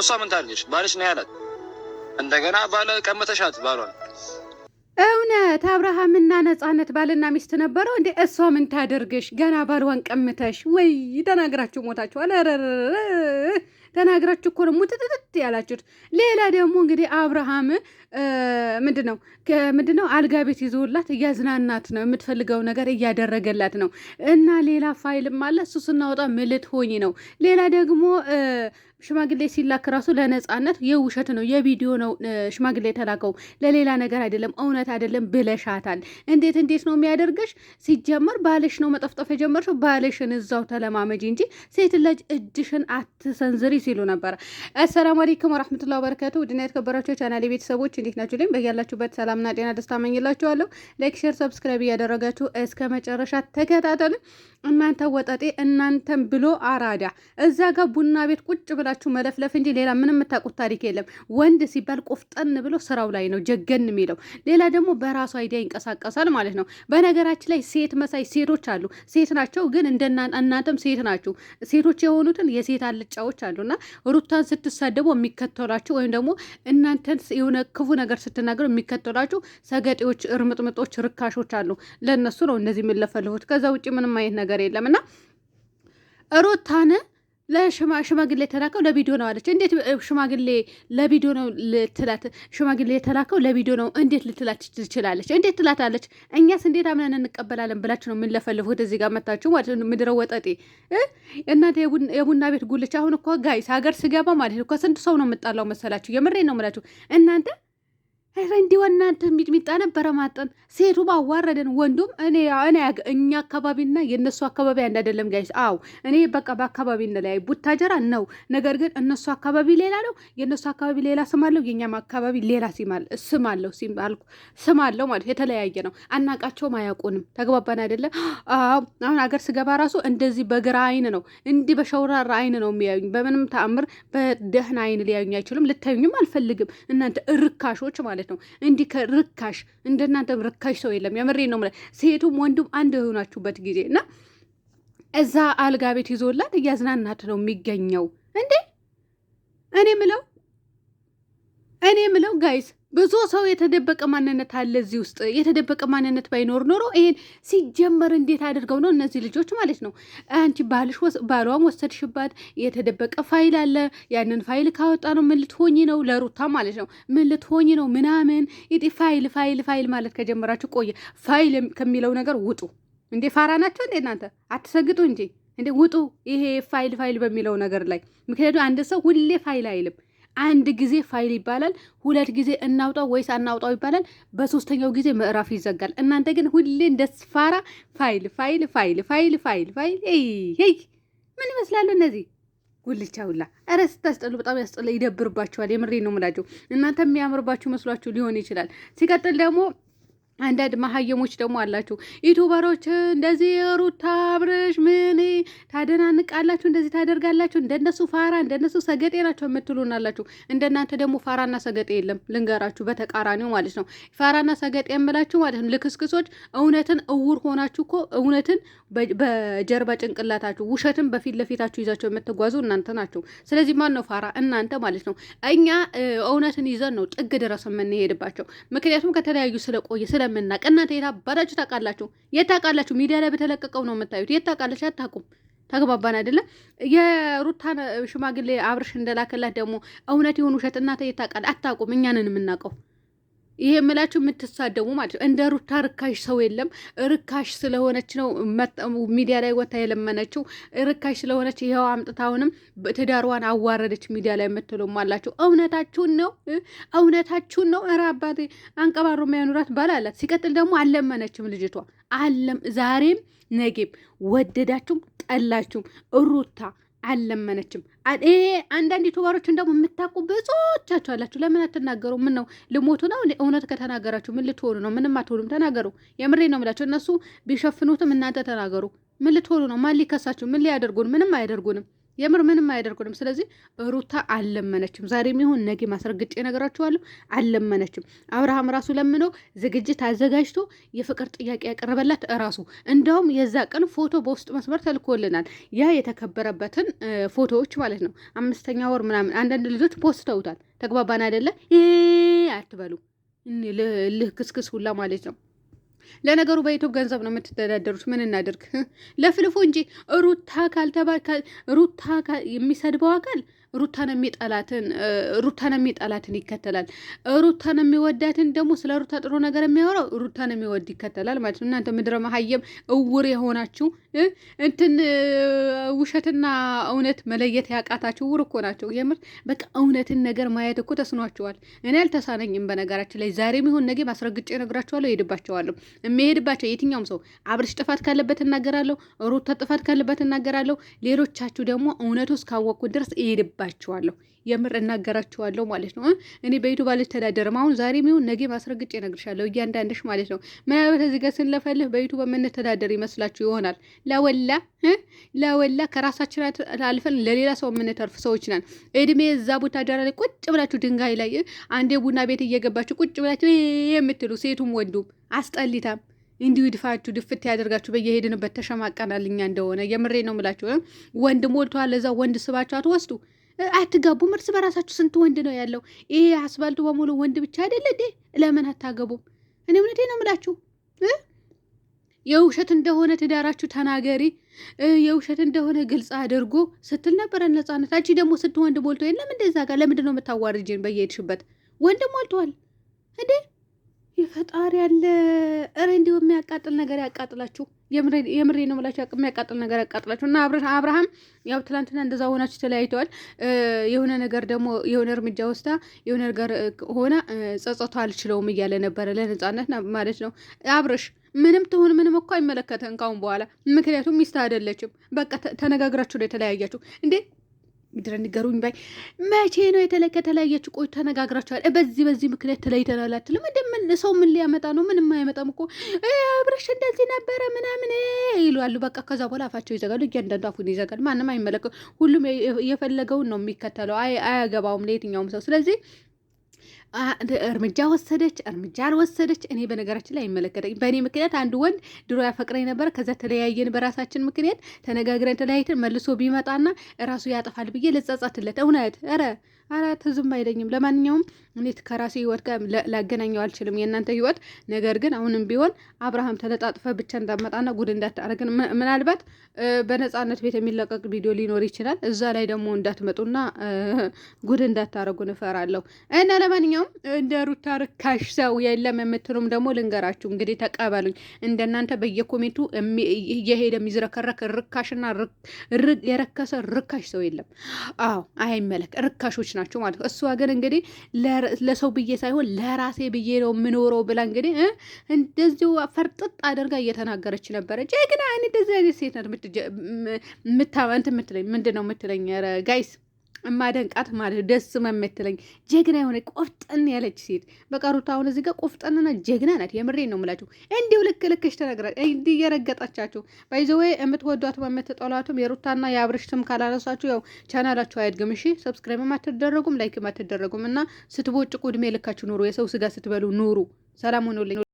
እሷ ምን ታለሽ? ባልሽ ነው ያላት። እንደገና ባለ ቀመተሻት ባሏል። እውነት አብርሃምና ነጻነት ባልና ሚስት ነበረው እንዴ? እሷ ምን ታደርግሽ? ገና ባልዋን ቀምተሽ ወይ ተናግራችሁ ሞታችኋል። ተናግራችሁ እኮ ደግሞ ትትትት ያላችሁት። ሌላ ደግሞ እንግዲህ አብርሃም ምንድን ነው ምንድን ነው አልጋ ቤት ይዞላት እያዝናናት ነው፣ የምትፈልገው ነገር እያደረገላት ነው። እና ሌላ ፋይልም አለ፣ እሱ ስናወጣ ምልት ሆኝ ነው። ሌላ ደግሞ ሽማግሌ ሲላክ ራሱ ለነጻነት የውሸት ነው፣ የቪዲዮ ነው ሽማግሌ የተላከው ለሌላ ነገር አይደለም፣ እውነት አይደለም ብለሻታል። እንዴት እንዴት ነው የሚያደርገሽ ሲጀመር ባልሽ ነው መጠፍጠፍ የጀመርሽው፣ ባልሽን እዛው ተለማመጂ እንጂ ሴት ልጅ እጅሽን አትሰንዝሪ ሲሉ ነበር አሰላሙ አለይኩም ወራህመቱላ ወበረከቱ ውድና የተከበራቸው ቻናል ቤተሰቦች እንዴት ናችሁ? ላይም በያላችሁበት ሰላምና ጤና ደስታ መኝላችኋለሁ። ላይክ፣ ሼር፣ ሰብስክራይብ እያደረጋችሁ እስከ መጨረሻ ተከታተሉ። እናንተ ወጠጤ እናንተን ብሎ አራዳ እዛ ጋር ቡና ቤት ቁጭ ብላ ብላችሁ መለፍለፍ እንጂ ሌላ ምንም የምታውቁት ታሪክ የለም። ወንድ ሲባል ቆፍጠን ብሎ ስራው ላይ ነው ጀገን የሚለው። ሌላ ደግሞ በራሱ አይዲያ ይንቀሳቀሳል ማለት ነው። በነገራችን ላይ ሴት መሳይ ሴቶች አሉ። ሴት ናቸው ግን እናንተም ሴት ናችሁ። ሴቶች የሆኑትን የሴት አልጫዎች አሉና ሩታን ስትሳደቡ የሚከተላችሁ ወይም ደግሞ እናንተን የሆነ ክፉ ነገር ስትናገሩ የሚከተላችሁ ሰገጤዎች፣ እርምጥምጦች፣ ርካሾች አሉ። ለእነሱ ነው እነዚህ የምለፈልሁት። ከዛ ውጭ ምንም አይነት ነገር የለም እና ሩታን ለሽማግሌ የተላከው ለቪዲዮ ነው አለች። እንዴት ሽማግሌ ለቪዲዮ ነው ልትላት? ሽማግሌ የተላከው ለቪዲዮ ነው እንዴት ልትላት ትችላለች? እንዴት ትላታለች? እኛስ እንዴት አምነን እንቀበላለን ብላችሁ ነው የምንለፈልፉት? እዚህ ጋር መታችሁ ማለት ነው። ምድረ ወጠጤ እናንተ የቡና ቤት ጉልቻ። አሁን እኮ ጋይስ ሀገር ስገባ ማለት እኮ ስንት ሰው ነው የምጣላው መሰላችሁ? የምሬ ነው የምላችሁ እናንተ ኧረ እንዲህ እናንተ ሚጥሚጣ ነበረ ማጠን። ሴቱም አዋረደን፣ ወንዱም እኔ እኔ እኛ አካባቢና የእነሱ አካባቢ አንድ አይደለም ጋይስ። አዎ እኔ በቃ በአካባቢ እንለያይ። ቡታጀራ ነው፣ ነገር ግን እነሱ አካባቢ ሌላ ነው፣ የእነሱ አካባቢ ሌላ ስም አለው፣ የእኛም አካባቢ ሌላ ስም አለው። ስም አለው ማለት የተለያየ ነው። አናቃቸውም፣ አያውቁንም። ተግባባን አይደለም? አዎ። አሁን አገር ስገባ ራሱ እንደዚህ በግራ አይን ነው፣ እንዲህ በሸውራራ አይን ነው የሚያዩኝ። በምንም ተአምር በደህና አይን ሊያዩኝ አይችሉም። ልታዩኝም አልፈልግም እናንተ እርካሾች ማለት ማለት ነው። እንዲህ ከርካሽ እንደናንተም ርካሽ ሰው የለም። የምሬ ነው። ሴቱም ወንዱም አንድ የሆናችሁበት ጊዜ እና እዛ አልጋ ቤት ይዞላት እያዝናናት ነው የሚገኘው እንዴ እኔ ምለው እኔ ምለው ጋይስ ብዙ ሰው የተደበቀ ማንነት አለ እዚህ ውስጥ። የተደበቀ ማንነት ባይኖር ኖሮ ይሄን ሲጀመር እንዴት አድርገው ነው እነዚህ ልጆች ማለት ነው። አንቺ ባልሽ ባሏም ወሰድሽባት፣ የተደበቀ ፋይል አለ። ያንን ፋይል ካወጣ ነው ምን ልትሆኝ ነው? ለሩታ ማለት ነው ምን ልትሆኝ ነው? ምናምን ይጤ ፋይል ፋይል ፋይል ማለት ከጀመራችሁ ቆየ። ፋይል ከሚለው ነገር ውጡ እንዴ! ፋራ ናቸው እንዴ እናንተ? አትሰግጡ እንጂ እንዴ! ውጡ ይሄ ፋይል ፋይል በሚለው ነገር ላይ ምክንያቱም አንድ ሰው ሁሌ ፋይል አይልም። አንድ ጊዜ ፋይል ይባላል፣ ሁለት ጊዜ እናውጣው ወይስ አናውጣው ይባላል፣ በሶስተኛው ጊዜ ምዕራፍ ይዘጋል። እናንተ ግን ሁሌ እንደ ስፋራ ፋይል ፋይል ፋይል ፋይል ፋይል ፋይል። ይ ምን ይመስላሉ እነዚህ ጉልቻ ሁላ ኧረ ስታስጠሉ በጣም ያስጠላ፣ ይደብርባችኋል። የምሬ ነው ምላቸው። እናንተ የሚያምርባችሁ መስሏችሁ ሊሆን ይችላል። ሲቀጥል ደግሞ አንዳንድ መሀየሞች ደግሞ አላችሁ ዩቱበሮች እንደዚህ ሩታ አብርሽ ምን ታደናንቃላችሁ፣ እንደዚህ ታደርጋላችሁ፣ እንደነሱ ፋራ እንደነሱ ሰገጤ ናቸው የምትሉን አላችሁ። እንደናንተ ደግሞ ፋራና ሰገጤ የለም፣ ልንገራችሁ፣ በተቃራኒው ማለት ነው። ፋራና ሰገጤ የምላችሁ ማለት ነው ልክስክሶች፣ እውነትን እውር ሆናችሁ እኮ እውነትን በጀርባ ጭንቅላታችሁ፣ ውሸትን በፊት ለፊታችሁ ይዛቸው የምትጓዙ እናንተ ናቸው። ስለዚህ ማን ነው ፋራ? እናንተ ማለት ነው። እኛ እውነትን ይዘን ነው ጥግ ድረስ የምንሄድባቸው፣ ምክንያቱም ከተለያዩ ስለቆየ ስለ ስለምናቅ እናንተ የታባዳችሁ ታውቃላችሁ። የት ታውቃላችሁ? ሚዲያ ላይ በተለቀቀው ነው የምታዩት። የት ታውቃላችሁ? አታውቁም። ተግባባን አይደለም? የሩታን ሽማግሌ አብርሽ እንደላከላት ደግሞ እውነት ይሁን ውሸት እናንተ የት ታውቃላችሁ? አታውቁም። እኛንን የምናውቀው ይሄ የምላችሁ የምትሳደቡ ማለት ነው። እንደ ሩታ ርካሽ ሰው የለም። ርካሽ ስለሆነች ነው ሚዲያ ላይ ወታ የለመነችው። ርካሽ ስለሆነች ይኸው አምጥታ አሁንም ትዳሯን አዋረደች ሚዲያ ላይ የምትሉም አላችሁ። እውነታችሁን ነው፣ እውነታችሁን ነው። ኧረ አባቴ አንቀባሮ የሚያኑራት ባል አላት። ሲቀጥል ደግሞ አልለመነችም ልጅቷ አለም ዛሬም ነገም ወደዳችሁም ጠላችሁም ሩታ አልለመነችም። ይሄ አንዳንድ ዩቱበሮችን ደግሞ የምታውቁ ብዙዎቻችሁ አላችሁ። ለምን አትናገሩ? ምን ነው ልሞቱ ነው? እውነት ከተናገራችሁ ምን ልትሆኑ ነው? ምንም አትሆኑም። ተናገሩ። የምሬ ነው የምላቸው። እነሱ ቢሸፍኑትም እናንተ ተናገሩ። ምን ልትሆኑ ነው? ማን ሊከሳችሁ? ምን ሊያደርጉን? ምንም አያደርጉንም። የምር ምንም አያደርጉንም። ስለዚህ ሩታ አልለመነችም። ዛሬም ይሁን ነገ ማስረግጬ ነገራችኋለሁ፣ አልለመነችም። አብርሃም ራሱ ለምነው ዝግጅት አዘጋጅቶ የፍቅር ጥያቄ ያቀረበላት እራሱ። እንደውም የዛ ቀን ፎቶ በውስጥ መስመር ተልኮልናል። ያ የተከበረበትን ፎቶዎች ማለት ነው። አምስተኛ ወር ምናምን አንዳንድ ልጆች ፖስተውታል። ተግባባን አይደለ? አትበሉ ልክስክስ ሁላ ማለት ነው። ለነገሩ በዩቱብ ገንዘብ ነው የምትተዳደሩት። ምን እናድርግ? ለፍልፎ እንጂ ሩታ ካልተባ ሩታ የሚሰድበው አካል ሩታን የሚጠላትን ሩታን የሚጠላትን ይከተላል። ሩታን የሚወዳትን ደግሞ ስለ ሩታ ጥሩ ነገር የሚያወራው ሩታን የሚወድ ይከተላል ማለት ነው። እናንተ ምድረ መሀየም እውር የሆናችሁ እንትን ውሸትና እውነት መለየት ያቃታችሁ ውር እኮ ናቸው። የምር በቃ እውነትን ነገር ማየት እኮ ተስኗቸዋል። እኔ አልተሳነኝም። በነገራችን ላይ ዛሬም ይሁን ነገ ማስረግጬ እነግራቸዋለሁ፣ እሄድባቸዋለሁ። የሚሄድባቸው የትኛውም ሰው አብርሽ ጥፋት ካለበት እናገራለሁ፣ ሩታ ጥፋት ካለበት እናገራለሁ። ሌሎቻችሁ ደግሞ እውነቱ እስካወቅኩት ድረስ እሄድባ እወጋችኋለሁ። የምር እናገራችኋለሁ ማለት ነው። እኔ በዩቱብ አልተዳደርም። አሁን ዛሬ የሚሆን ነገ ማስረግጬ እነግርሻለሁ፣ እያንዳንድሽ ማለት ነው። ምናልባት እዚህ ጋር ስንለፈልህ በዩቱብ የምንተዳደር ይመስላችሁ ይሆናል። ለወላ ለወላ ከራሳችን አልፈን ለሌላ ሰው የምንተርፍ ሰዎች ነን። እድሜ እዛ ቦታ ዳራ ላይ ቁጭ ብላችሁ ድንጋይ ላይ አንዴ ቡና ቤት እየገባችሁ ቁጭ ብላችሁ የምትሉ ሴቱም ወንዱም አስጠሊታም እንዲሁ ድፋችሁ ድፍት ያደርጋችሁ በየሄድንበት ተሸማቀናል። እኛ እንደሆነ የምሬ ነው ምላችሁ። ወንድ ሞልቷል። ለዛ ወንድ ስባችሁ አትወስዱ። አትጋቡም? እርስ በራሳችሁ ስንት ወንድ ነው ያለው? ይሄ አስፋልቱ በሙሉ ወንድ ብቻ አይደለ እንዴ? ለምን አታገቡም? እኔ እውነቴ ነው የምላችሁ። የውሸት እንደሆነ ትዳራችሁ ተናገሪ፣ የውሸት እንደሆነ ግልጽ አድርጎ ስትል ነበረ ነጻነት። አንቺ ደግሞ ስንት ወንድ ሞልቶ የለም እንደዛ ጋር ለምንድን ነው የምታዋርጅን? በየሄድሽበት ወንድ ሞልቷል እንዴ? የፈጣሪ ያለ እረ እንዲሁ የሚያቃጥል ነገር ያቃጥላችሁ። የምሬ ነው ብላችሁ የሚያቃጥል ነገር ያቃጥላችሁ። እና አብርሃም ያው ትላንትና እንደዛ ሆናችሁ ተለያይተዋል። የሆነ ነገር ደግሞ የሆነ እርምጃ ወስዳ የሆነ ነገር ሆነ ጸጸቷ አልችለውም እያለ ነበረ ለነጻነት ማለት ነው አብርሽ ምንም ትሁን ምንም እኮ አይመለከተን ካሁን በኋላ ምክንያቱም ሚስት አይደለችም። በቃ ተነጋግራችሁ ነው የተለያያችሁ እንዴ? ምድረ ንገሩኝ ባይ መቼ ነው የተለ ከተለያያችሁ ቆይ ተነጋግራችኋል። በዚህ በዚህ ምክንያት ተለይተናል አትልም። እንደ ምን ሰው ምን ሊያመጣ ነው? ምንም አያመጣም እኮ አብርሽ እንደዚህ ነበረ ምናምን ይሏሉ። በቃ ከዛ በኋላ አፋቸው ይዘጋሉ። እያንዳንዱ አፉን ይዘጋል። ማንም አይመለከ ሁሉም የፈለገውን ነው የሚከተለው። አያገባውም ለየትኛውም ሰው ስለዚህ እርምጃ ወሰደች እርምጃ አልወሰደች፣ እኔ በነገራችን ላይ አይመለከተኝ። በእኔ ምክንያት አንድ ወንድ ድሮ ያፈቅረኝ ነበረ፣ ከዛ ተለያየን በራሳችን ምክንያት ተነጋግረን ተለያይተን መልሶ ቢመጣና እራሱ ያጠፋል ብዬ ልጸጸትለት እውነት ረ አረ ህዝብ አይለኝም። ለማንኛውም እኔት ከራሴ ህይወት ጋር ላገናኘው አልችልም የእናንተ ህይወት። ነገር ግን አሁንም ቢሆን አብርሃም ተለጣጥፈ ብቻ እንዳመጣና ጉድ እንዳታረግን። ምናልባት በነጻነት ቤት የሚለቀቅ ቪዲዮ ሊኖር ይችላል። እዛ ላይ ደግሞ እንዳትመጡና ጉድ እንዳታረጉን እፈራለሁ እና ለማንኛውም እንደ ሩታ ርካሽ ሰው የለም የምትሉም ደግሞ ልንገራችሁ እንግዲህ ተቀበሉኝ። እንደናንተ በየኮሜንቱ የሄደ የሚዝረከረክ ርካሽና የረከሰ ርካሽ ሰው የለም። አዎ አይመለክ ርካሾች ናቸው ማለት ነው። እሷ ግን እንግዲህ ለሰው ብዬ ሳይሆን ለራሴ ብዬ ነው የምኖረው ብላ እንግዲህ እንደዚሁ ፈርጥጥ አድርጋ እየተናገረች ነበረ። ጀግና እኔ እንደዚህ አይነት ሴት ናት ምንድነው ምትለኝ ጋይስ እማደንቃት ማለት ደስ የምትለኝ ጀግና የሆነ ቆፍጠን ያለች ሴት በቃ ሩታ አሁን እዚህ ጋር ቆፍጠንና ጀግና ናት። የምሬን ነው የምላችሁ። እንዲሁ ልክ ልክሽ ተነግራ እንዲህ የረገጣቻችሁ ባይዘዌ የምትወዷትም የምትጠሏትም የሩታና የአብርሽትም ካላነሳችሁ ያው ቻናላችሁ አያድግም። እሺ ሰብስክራይብ አትደረጉም፣ ላይክ አትደረጉም እና ስትቦጭቁ እድሜ ልካችሁ ኑሩ። የሰው ስጋ ስትበሉ ኑሩ። ሰላም ሆኖልኝ